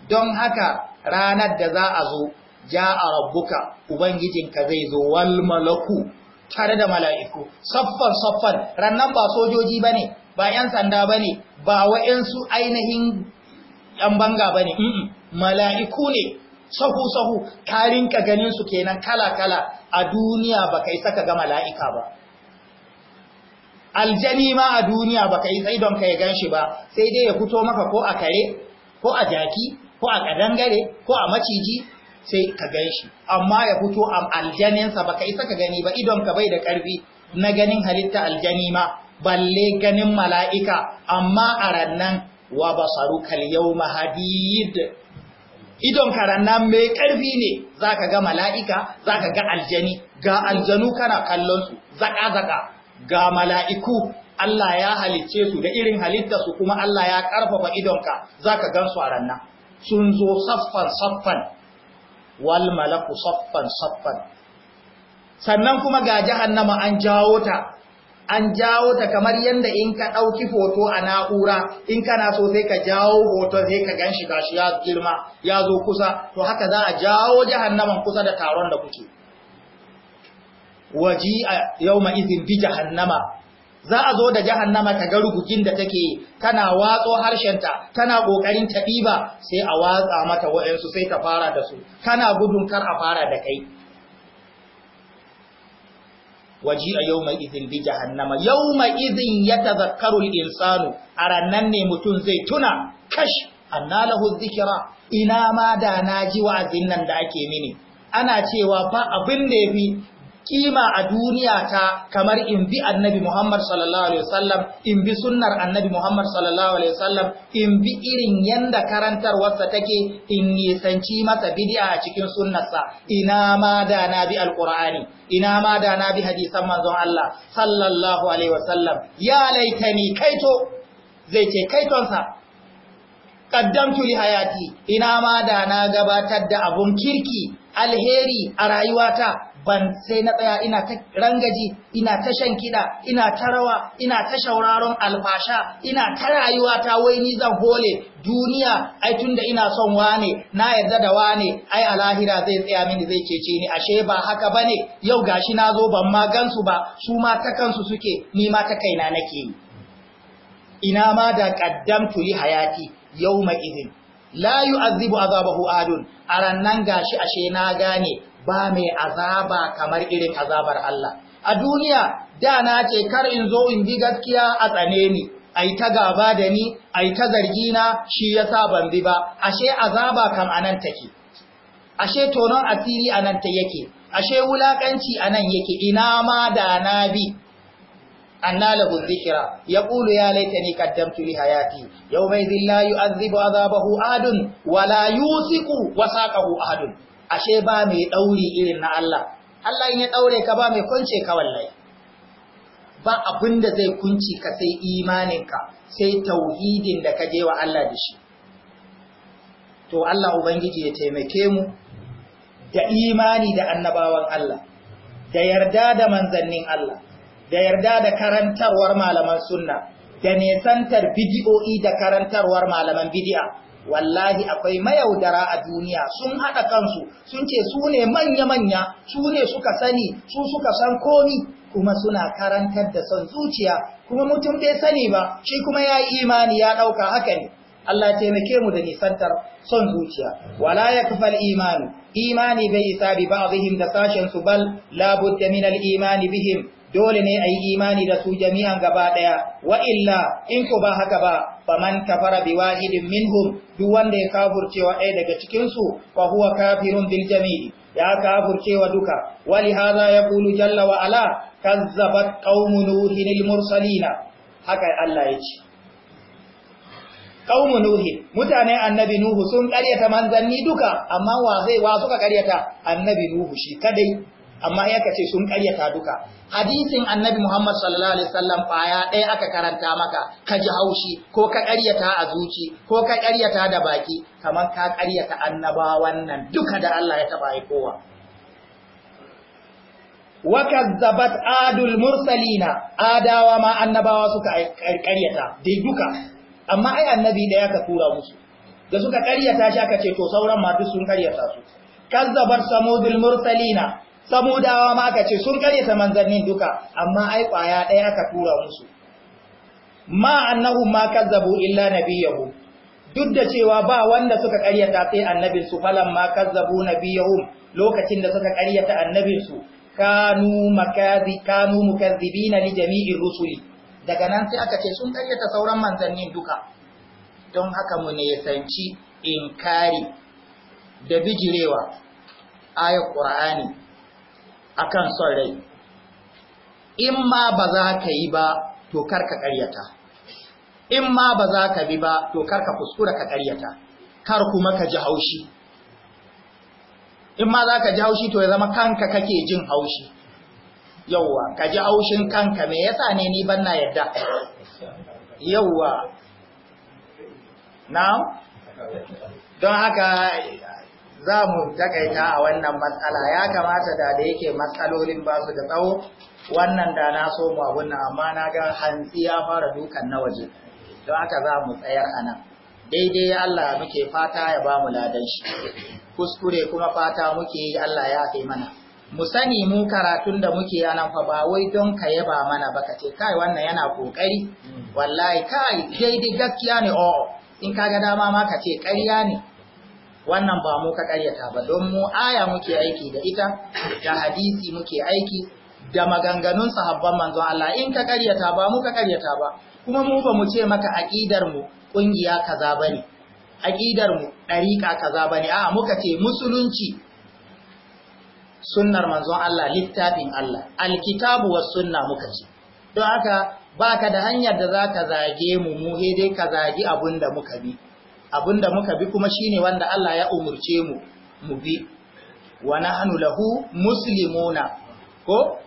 S1: don haka ranar da za a zo ja a rabbuka ubangijinka zai zo wal malaku tare da mala'iku saffan saffan rannan ba sojoji ba ne? ba yan sanda ba ne? ba wayansu ainihin yan banga ba ne, mala'iku ne sahu sahu ka rinka ganin su kenan kala kala a duniya ka isa ka ga mala'ika ba aljani ma a duniya ba ka yi idon ka ya shi ba sai dai ya fito maka ko a kare ko a jaki ko a ƙadangare ko a maciji sai ka gan shi amma ya fito a aljaninsa ba ka isa ka gani ba idonka bai da ƙarfi na ganin halitta aljani ma balle ganin mala'ika amma a rannan wa basaru kal yawma hadid idon rannan mai ƙarfi ne za ka ga mala'ika za ka ga aljani ga aljanu kana kallonsu zaƙa-zaƙa ga mala'iku Allah ya halicce su da irin su kuma Allah ya ƙarfafa idonka za ka gan su a rannan sun zo saffan-saffan wal malaku saffan saffan sannan kuma ga jahannama an jawo ta an jawo ta kamar yadda in ka ɗauki hoto a na'ura in kana so sai ka jawo hoto sai ka ganshi shi gashi ya girma ya zo kusa to haka za a jawo jahannaman kusa da taron da kuke waji a yau izin bi jahannama za a zo da jahannama ta ga rugugin da take kana watso ta. tana kokarin ta diba sai a watsa mata wayansu sai ta fara da su kana gudun kar a fara da kai waji a yau mai izin bi jahannama yau mai izin ya tazakkaru insanu arannan ne mutum zai tuna kash anna lahu zikira ina ma da na ji wa'azin nan da ake mini ana cewa ba abin da ya kima a duniya ta kamar in bi annabi Muhammad sallallahu alaihi wasallam in bi sunnar annabi Muhammad sallallahu alaihi wasallam in bi irin yanda karantarwarsa take in nisanci masa bid'a a cikin sunnarsa ina ma da na bi alqur'ani ina ma da na bi hadisan manzon Allah sallallahu alaihi wasallam ya laitani kaito zai ce kaitonsa qaddamtu li hayati ina ma da na gabatar da abun kirki alheri a rayuwata ban sai na tsaya ina ta rangaji ina ta shan kiɗa ina ta rawa ina ta shauraron alfasha ina ta rayuwa ta wai ni zan hole duniya ai tunda ina son wane na yarda da wane ai alahira zai tsaya mini zai cece ni ashe ba haka bane yau gashi na zo ban ma gansu ba su ma ta kansu suke ni ma ta kaina nake yi ina ma da qaddamtu li hayati yawma idin la azaba azabahu adun arannan gashi ashe na gane ba mai azaba kamar irin azabar Allah a duniya da na ce kar in zo in bi gaskiya a tsane ni ai ta gaba da ni ai ta zargi na shi yasa ban bi ba ashe azaba kam anan take ashe tonon asiri anan ta yake ashe wulakanci anan yake ina ma da na bi anna zikira ya yaqulu ya laitani qaddamtu li hayati yau idhil la yu'adhibu adhabahu ahadun wa la yusiqu wasaqahu ashe ba mai ɗauri irin na Allah Allah in ya ɗaure ka ba mai kunce ka wallai. ba abinda zai kunci ka sai imaninka sai tauhidin da ka je wa Allah da shi to Allah ubangiji ya taimake mu da imani da annabawan Allah da yarda da manzannin Allah da yarda da karantarwar malaman sunna da nesantar bidiyo'i da karantarwar malaman bidi'a wallahi akwai mayaudara a duniya sun haɗa kansu sun ce su ne manya-manya su ne suka sani su suka san komi kuma suna karantar da son zuciya kuma mutum bai sani ba shi kuma ya yi imani ya ɗauka haka ne Allah taimake mu da nisantar son zuciya wala yakfal imanu imani bai isa bi ba'dihim da sashen su bal labudda min al imani bihim dole ne a yi imani da su jami'an gaba ɗaya wa illa in ku ba haka ba faman kafara bi wahidin minhum duk wanda ya kafurcewa ɗaya daga cikinsu fa huwa kafirun bil jami'i ya kafurcewa duka wali ya kulu, jalla wa ala kazzabat qaumun nuhin al haka Allah ya ce qaumun nuhin mutane annabi nuhu sun ƙaryata manzanni duka amma wa zai wa suka ƙaryata annabi nuhu shi kadai amma ya kace sun karyata duka hadisin annabi Muhammad sallallahu alaihi wasallam baya ɗaya aka karanta maka ka ji haushi ko ka karyata a zuci ko ka karyata da baki kamar ka karyata annabawan nan duka da Allah ya taba aikowa wa kazzabat adul mursalina adawa ma annabawa suka karyata dai duka amma ai annabi ɗaya ka tura musu da suka karyata shi aka ce to sauran ma duk sun karyata su kazzabar samudul mursalina samudawa ma aka ce sun karyata manzannin duka amma ai kwaya ɗaya aka tura musu ma annahu ma kazzabu illa nabiyahu duk da cewa ba wanda suka karyata sai annabinsu, falan ma kazzabu nabiyahum lokacin da suka karyata annabinsu kanu makazi kanu mukazzibina li jami'ir rusuli daga nan sai aka ce sun karyata sauran manzannin duka don haka mu nisanci in inkari da bijirewa ayat qur'ani akan son rai in ma ba za ka yi ba to karka karyata in ma ba za ka bi ba to karka kuskura ka karyata kar kuma ka ji haushi in ma za ka ji haushi to ya zama kanka kake jin haushi yauwa ka ji haushin kanka me yasa ne ni ban na yadda yauwa na don haka za mu takaita a wannan matsala ya kamata da da yake matsalolin ba su da tsawo wannan da na so mu abun nan amma na ga hantsi ya fara dukan na waje don haka za mu tsayar a nan daidai Allah muke fata ya ba mu ladan shi kuskure kuma fata muke yi Allah ya kai mana mu sani mu karatun da muke yana fa ba wai don ka yaba mana ba ka ce kai wannan yana kokari mm. wallahi kai daidai gaskiya ne o oh, in ka ga dama ma ka ce ƙarya ne wannan ba mu ka karyata ba don mu aya muke aiki da ita da hadisi muke aiki da maganganun sahabban manzon Allah in ka karyata ba mu ka karyata ba kuma mu ba mu ce maka aqidar mu kungiya kaza bane aqidar mu dariqa kaza bane A'a muka ce musulunci sunnar manzo Allah littafin Allah alkitabu was sunna muka ce don haka baka da hanyar da zaka zage mu mu he dai ka zagi abinda muka bi abinda muka bi kuma shine wanda Allah ya umurce mu mu bi wa nahnu lahu muslimuna ko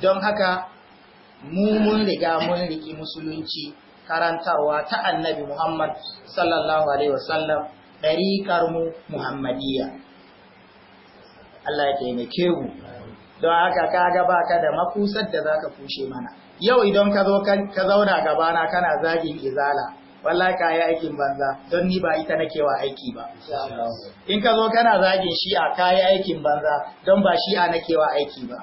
S1: don haka mu mun riga mun riki musulunci karantarwa ta annabi Muhammad sallallahu alaihi wasallam dariƙar mu Muhammadiyya Allah ya taimake mu don haka kaga baka da makusar da zaka kushe mana yau idan ka zo ka zauna gabana kana zagin izala wallahi ka yi aikin banza don ni ba ita nake wa aiki ba in ka zo kana zagin shi'a ka yi aikin banza don ba shi'a nake wa aiki ba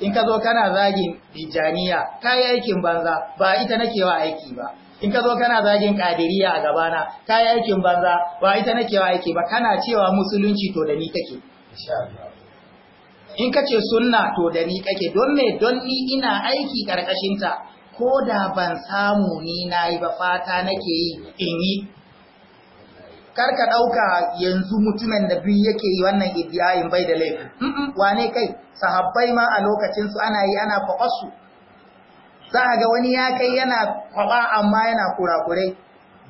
S1: in ka zo kana zagin bijaniya ka yi aikin banza ba ita nake wa aiki ba in ka zo kana zagin kadiriya a gabana ka yi aikin banza ba ita nake wa aiki ba kana cewa musulunci to da ni kake in ka ce sunna to da ni kake don me don ni ina aiki karkashinta ko da ban samu ni na yi ba fata nake yi in yi karka ɗauka yanzu mutumin da biyu yake yi wannan iddiyayin bai da laifi wane kai sahabbai ma a lokacinsu ana yi ana kwakwasu za a ga wani ya kai yana kwaba amma yana kurakurai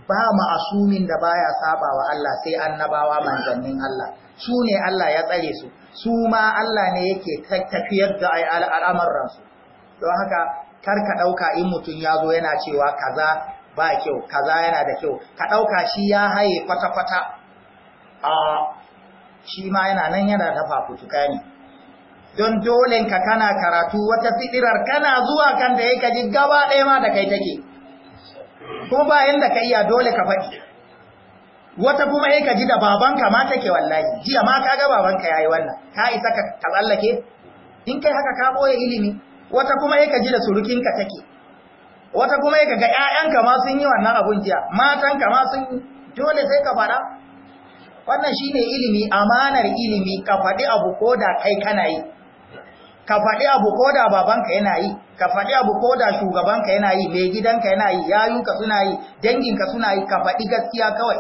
S1: ba asumin da baya saba wa Allah sai annabawa manzannin Allah su ne Allah ya tsare su su ma Allah ne yake tafiyar da al'amuransu don haka kar ka ɗauka in mutum ya zo yana cewa kaza ba kyau kaza yana da kyau ka ɗauka shi ya haye kwata-kwata a shi ma yana nan yana da fafutuka ne don dolenka kana karatu wata fiɗirar kana zuwa kan da ya kaji gaba ɗaya ma da kai take kuma ba yanda ka iya dole ka faɗi wata kuma ya kaji da babanka ma take wallahi jiya ma ka ga babanka ya yi wannan ka isa ka tsallake in kai haka ka ɓoye ilimi wata kuma ya kaji da surukinka take wata kuma ya kaga ƴaƴanka ma sun yi wannan abun jiya matanka ma sun dole sai ka fara wannan shine ilimi amanar ilimi ka faɗi abu koda kai kana yi ka faɗi abu koda da babanka yana yi ka faɗi abu koda da shugabanka yana yi mai gidanka yana yi yayunka suna yi danginka suna yi ka faɗi gaskiya kawai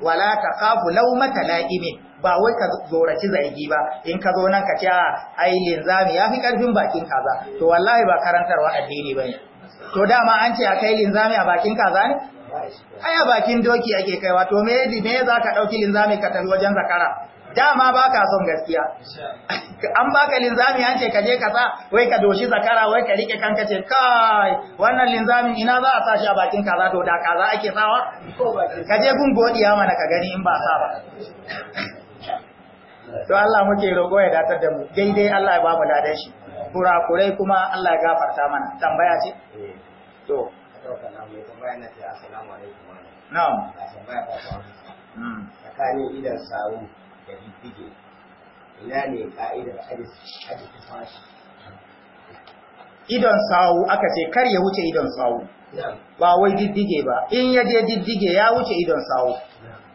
S1: wala kafu lawmata la'imin ba wai ka zoraci zargi ba in ka zo nan ka ce ah, ai linzami ya fi karfin bakin kaza to wallahi ba karantarwa addini ba ne to dama an ce a kai linzami a bakin kaza ne ai a bakin doki ake kaiwa to me me za ka ɗauki linzami ka tafi wajen zakara dama ba ka son gaskiya an baka linzami an ce ka je ka sa wai ka doshi zakara wai ka rike kanka ce kai wannan linzami. ina za a sa shi a bakin kaza to da kaza ake sawa ka je gun godiya mana ka gani in ba sa ba don Allah muke roƙo ya datar da mu daidai Allah ya ba mu ladan shi kurakurai kuma Allah ya gafarta mana tambaya ce to na'am hmm. tsakanin idan sawu da ina ne ka'idar fashi idon sawu aka ce kar ya wuce idon sawu ba wai diddige ba in ya je diddige ya wuce idon sawu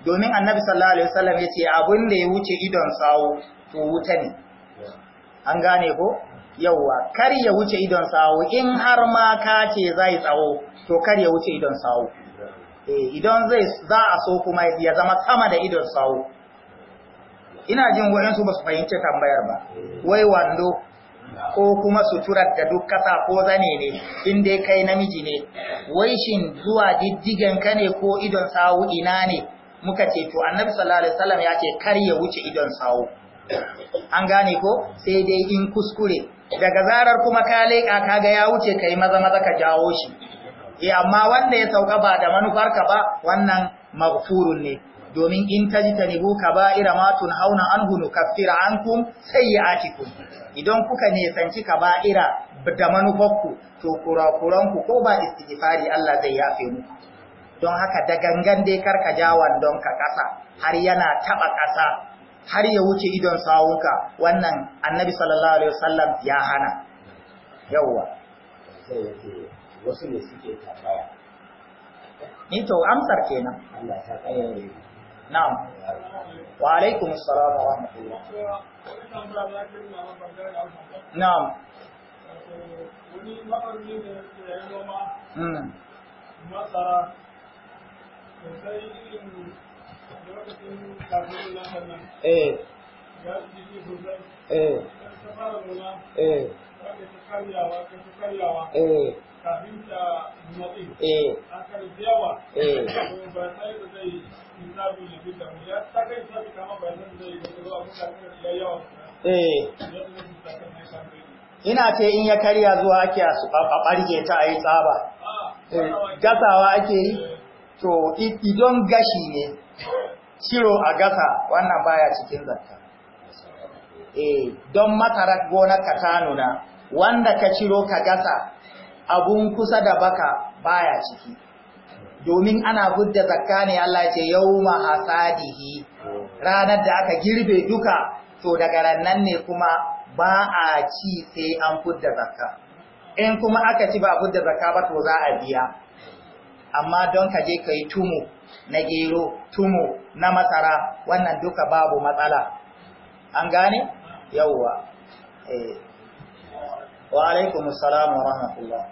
S1: domin annabi sallallahu alaihi wasallam ya ce abin da ya wuce idon sawo to wuta ne an gane ko yawa kar ya wuce idon sawo in har ma ka ce zai tsawo to kar ya wuce idon sawo eh idan zai za a so kuma ya zama sama da idon sawo ina jin su ba su fahimci tambayar ba wai wando ko kuma suturar da duk kasa ko zane ne in dai kai namiji ne wai shin zuwa diddigen ka ne ko idon sawo ina ne muka ce to annabi sallallahu alaihi wasallam ya ce kar ya wuce idon sawo an gane ko sai dai in kuskure daga zarar kuma ka leka ga ya wuce kai maza maza ka jawo shi eh amma wanda ya sauka ba da manufarka ba wannan maghfurun ne domin in tajtanibu kaba'ira ma an anhu nukaffira ankum sayyi'atikum idan kuka ka ba ira da manufarku to kurakuranku ko ba istighfari Allah zai yafe muku don haka da gangan dai karka ja wandon ka ƙasa har yana taɓa ƙasa har ya wuce idon sawunka wannan annabi sallallahu alaihi wasallam ya hana yawwa wasu ne suke tambaya ni eh to amsar kenan eh, na'am wa alaikum assalam wa rahmatullah na'am wani ne hmm. masara Eh. Eh. Eh. ina ce in ya karya zuwa ake a ɓarge ta a tsaba to idon gashi ne ciro a gasa wannan baya cikin zakka eh don matara gonar ka tanuna wanda ka ciro ka gasa abun kusa da baka baya ciki domin ana budda zakka ne Allah ce yauma hasadihi ranar da aka girbe duka to daga rannan ne kuma ba a ci sai an budda zakka in kuma aka ci ba budda zakka ba to za a biya amma don ka je ka yi tumu na gero tumu na masara wannan duka babu matsala an gane yawwa eh wa alaikum salam wa rahmatullah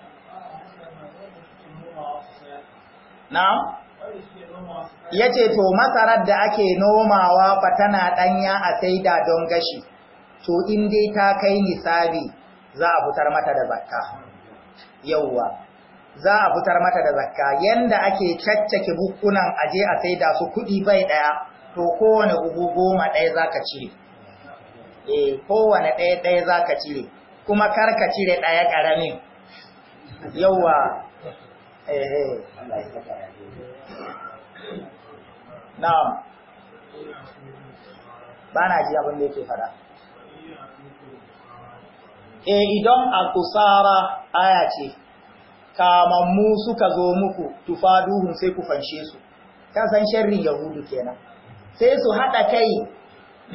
S1: Ya yace to masarar da ake nomawa fa tana danya a saida don gashi to in dai ta kai nisabi za a fitar mata da zakka yawwa za a fitar mata da zakka yanda ake caccake bukkunan aje a saida su kuɗi bai ɗaya to kowane ugu goma ɗaya za cire eh kowane ɗaya ɗaya za cire kuma kar ka cire ɗaya ƙaramin yawa eh, eh na'am ba na ji abin da yake fada eh idan al-qusara aya ce kamammu suka zo muku tufaduhun sai ku fanshe su kasan sharrin yahudu kenan sai su haɗa kai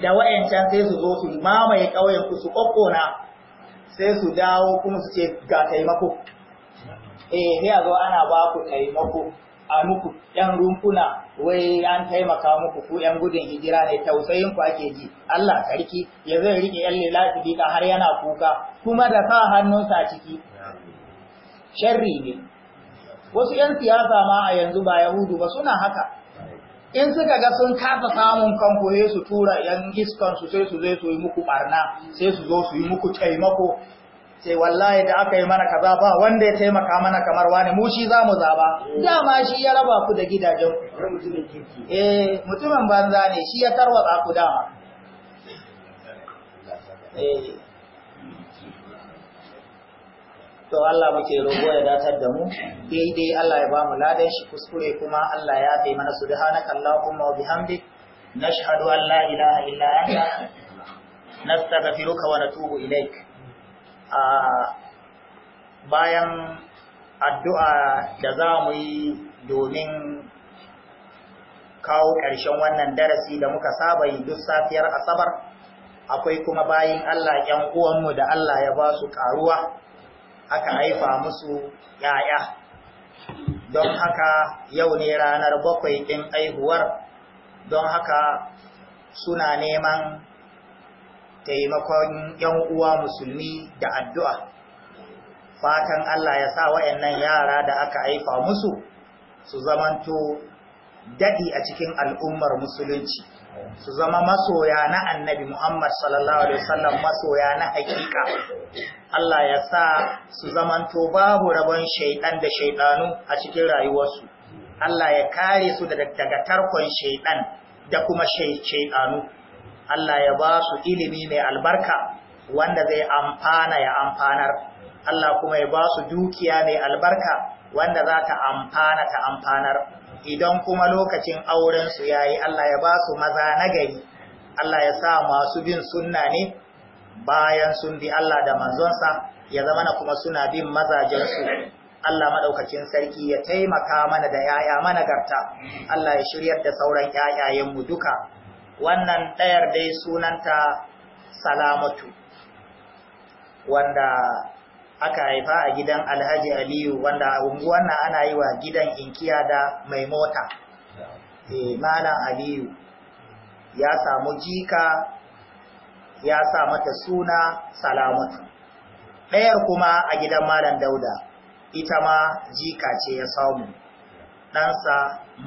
S1: da wayancan sai su zo su mamaye ƙauyen ku su ƙoƙona sai su dawo kuma su ce ga taimako eh sai a zo ana ba ku taimako a muku Yan rumfuna wai an taimaka muku ku ‘yan gudun hijira ne tausayin ku ake ji Allah sarki ya zai rike ‘yan lilafi har yana kuka kuma da sa hannunsa a ciki sharri ne wasu 'yan siyasa ma a yanzu ba yahudu ba suna haka in suka ga sun kasa samun kanku sai su tura 'yan iskansu sai su zai su yi muku barna sai su zo su yi muku taimako sai wallahi da aka yi mana kaza ba wanda ya taimaka mana kamar wani mu shi zamu zaba dama shi ya raba ku da gidajen eh mutumin banza ne shi ya tarwatsa ku dama eh to Allah muke roƙo ya datar da mu Dai dai Allah ya bamu ladan shi kuskure kuma Allah ya bai mana subhanaka allahumma wa bihamdik nashhadu an la ilaha illa anta nastaghfiruka wa natubu ilaik a bayan addu'a da za mu yi domin kawo ƙarshen wannan darasi da muka saba yi duk safiyar asabar akwai kuma bayin Allah ‘yan uwanmu da Allah ya ba su ƙaruwa aka haifa musu ‘ya'ya. Don haka yau ne ranar bakwai ɗin aihuwar, don haka suna neman taimakon ‘yan uwa musulmi da addu'a. Fatan Allah ya sa wa'yan yara da aka haifa musu su zamanto daɗi a cikin al'ummar musulunci. su zama masoya na annabi Muhammad sallallahu Alaihi wasallam masoya na hakika. Allah ya sa su zamanto babu rabon shaiɗan da shaiɗanu a cikin rayuwarsu. Allah ya kare su daga tarkon shaiɗan da kuma shaiɗanu. Allah ya ba su ilimi mai albarka wanda zai amfana ya amfanar. Allah kuma ya ba su dukiya mai albarka wanda za ta amfana ta amfanar. idan kuma lokacin aurensu ya yi Allah ya ba su maza na gari, Allah ya sa masu bin sunna ne bayan sun bi Allah da manzonsa ya zama na kuma suna bin mazajensu Allah maɗaukacin sarki ya taimaka mana da ‘ya'ya managarta Allah ya shiryar da sauran ‘ya'yayenmu duka wannan ɗayar dai sunanta salamatu wanda aka haifa a gidan alhaji aliyu wanda unguwan nan ana yi wa gidan inkiya da mai mota e, malam aliyu ya samu jika ya sa mata suna salamatu ɗayar kuma a gidan malam dauda ita ma jika ce ya samu ɗansa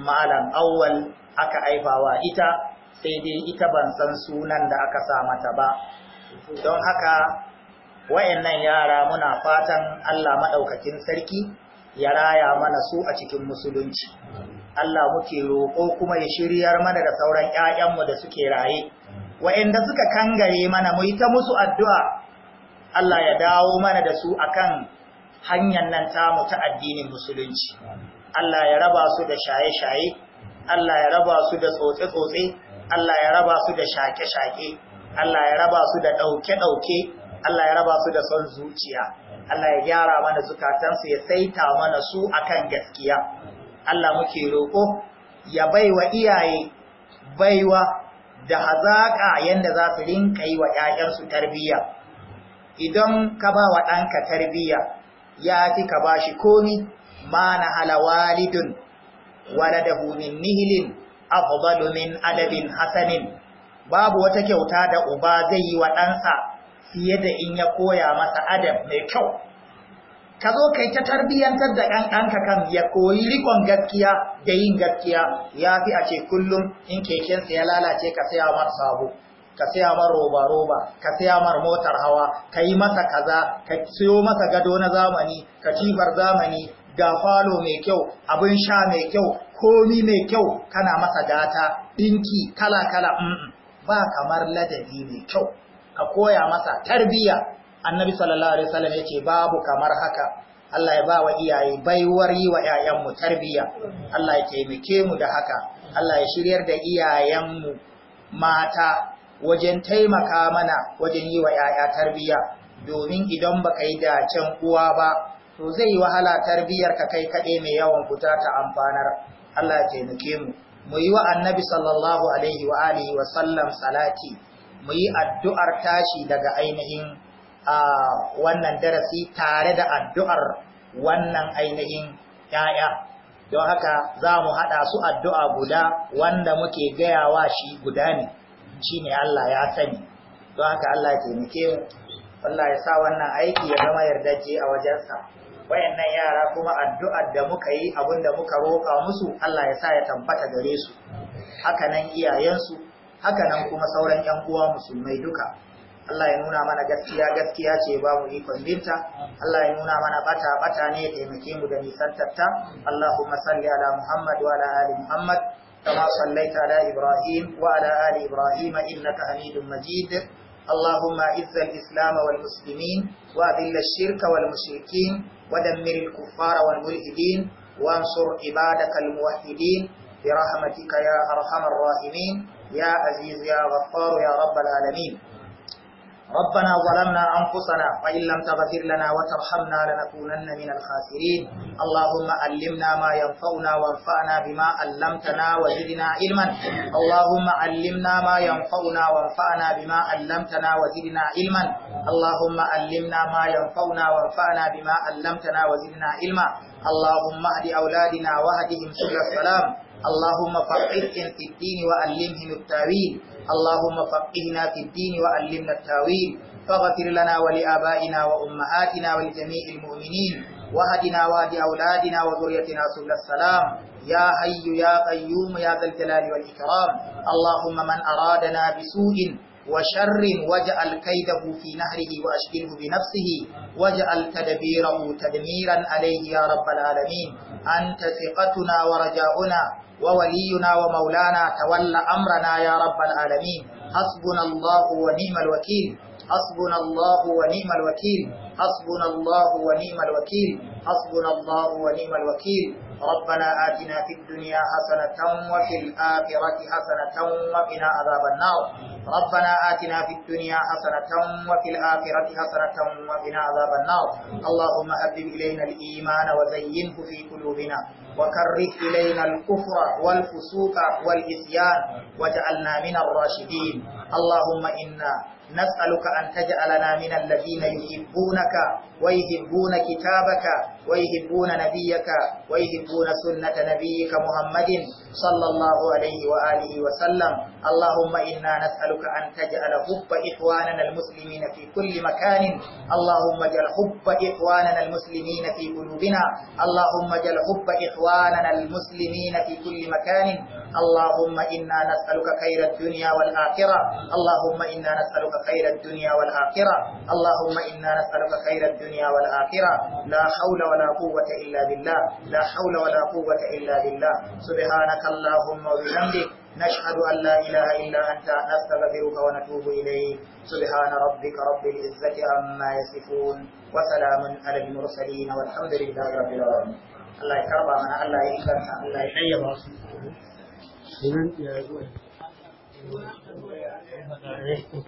S1: malam awwal aka haifawa ita sai dai ita ban san sunan da aka sa mata ba don haka wayannan yara muna fatan Allah maɗaukakin sarki ya raya mana su a cikin musulunci Allah muke roƙo kuma ya shiryar mana da sauran 'ya'yanmu da suke raye wayanda suka kangare mana mu yi ta musu addu'a Allah ya dawo mana da su a kan hanyar nan ta ta addinin musulunci Allah ya raba su da shaye-shaye Allah ya raba su da tsotse-tsotse Allah ya raba su da shaƙe-shaƙe Allah ya raba su da ɗauke-ɗauke Allah ya raba su da son zuciya Allah ya gyara mana zukatansu ya saita mana su akan gaskiya Allah muke roƙo ya baiwa iyaye baiwa da hazaƙa yanda za su rinka yi wa 'ya'yansu tarbiyya idan ka ba wa ɗanka tarbiyya ya fi ka ba shi komi mana na halawalidun waladahu min nihilin afdalu min adabin hasanin babu wata kyauta da uba zai yi wa ɗansa fiye da in ya koya masa adam mai kyau ka zo kai ta tarbiyyantar da ɗan ɗanka kan ya koyi rikon gaskiya da yin gaskiya ya fi a ce kullum in kekensa ya lalace ka saya mar sabo ka saya mar roba roba ka saya mar motar hawa ka yi masa kaza ka siyo masa gado na zamani ka cibar zamani ga falo mai kyau abin sha mai kyau komi mai kyau kana masa gata ɗinki kala kala ba kamar ladabi mai kyau ka koya masa tarbiya annabi sallallahu alaihi wasallam yace babu kamar haka Allah ya bawa iyaye baiwar yi wa mu tarbiya Allah ya taimake mu da haka Allah ya shiryar da iyayen mu mata wajen taimaka mana wajen yi wa ƴaƴa tarbiya domin idan baka yi da dacen uwa ba to zai yi wahala tarbiyar ka kai kaɗe mai yawan fita ta amfanar Allah ya taimake mu mu yi wa annabi sallallahu alaihi wa alihi wa sallam salati mu yi addu'ar tashi daga ainihin wannan darasi tare da addu'ar wannan ainihin ‘ya'ya. Don haka za mu haɗa su addu'a guda wanda muke gayawa shi guda ne, shi ne Allah ya sani. Don haka Allah ya taimake mu, Allah ya sa wannan aiki ya zama yardaje a wajensa. Wayannan yara kuma addu'ar da muka yi abin da muka roƙa musu Allah ya sa ya tambata gare su. Haka nan iyayensu haka nan kuma sauran ‘yan uwa musulmai duka. Allah ya nuna mana gaskiya gaskiya ce ba mu ikon binta, Allah ya nuna mana bata bata ne ya taimake mu da nisantatta, Allahumma salli ala Muhammad wa ala ali Muhammad, kama sallaita ala Ibrahim wa ala ali Ibrahim innaka Hamidum Majid. اللهم اعز الإسلام والمسلمين وأذل الشرك والمشركين ودمر الكفار والملحدين وانصر عبادك الموحدين برحمتك يا أرحم الراحمين يا عزيز يا غفار يا رب العالمين ربنا ظلمنا أنفسنا وإن لم تغفر لنا وترحمنا لنكونن من الخاسرين اللهم علمنا ما ينفعنا وانفعنا بما علمتنا وزدنا علما اللهم علمنا ما ينفعنا وانفعنا بما علمتنا وزدنا علما اللهم علمنا ما ينفعنا وانفعنا بما علمتنا وزدنا علما اللهم اهد أولادنا واهدهم سبل السلام اللهم فقههم في الدين وعلمهم التاويل اللهم فقهنا في الدين وعلمنا التاويل فاغفر لنا ولآبائنا وأمهاتنا ولجميع المؤمنين وهدنا وهد أولادنا وذريتنا سبل السلام يا حي يا قيوم يا ذا الجلال والإكرام اللهم من أرادنا بسوء وشر واجعل كيده في نهره وأشغله بنفسه واجعل تدبيره تدميرا عليه يا رب العالمين أنت ثقتنا ورجاؤنا وولينا ومولانا تولى أمرنا يا رب العالمين حسبنا الله ونعم الوكيل حسبنا الله ونعم الوكيل حسبنا الله ونعم الوكيل حسبنا الله ونعم الوكيل ربنا آتنا في الدنيا حسنة وفي الآخرة حسنة وقنا عذاب النار ربنا آتنا في الدنيا حسنة وفي الآخرة حسنة وقنا عذاب النار اللهم أبدل إلينا الإيمان وزينه في قلوبنا وكره إلينا الكفر والفسوق والإسيان واجعلنا من الراشدين اللهم إنا نسألك أن تجعلنا من الذين يحبونك ويحبون كتابك ويحبون نبيك ويحبون سنة نبيك محمد صلى الله عليه وآله وسلم اللهم إنا نسألك أن تجعل حب إخواننا المسلمين في كل مكان اللهم اجعل حب إخواننا المسلمين في قلوبنا اللهم اجعل حب إخواننا المسلمين في كل مكان اللهم إنا نسألك خير الدنيا والآخرة اللهم إنا نسألك خير الدنيا والآخرة اللهم إنا نسألك خير الدنيا والآخرة لا حول ولا قوة إلا بالله لا حول ولا قوة إلا بالله سبحانك اللهم وبحمدك نشهد أن لا إله إلا أنت نستغفرك ونتوب إليك سبحان ربك رب العزة عما يصفون وسلام على المرسلين والحمد لله رب العالمين الله يكرم الله يكرم الله يحيي Thank you.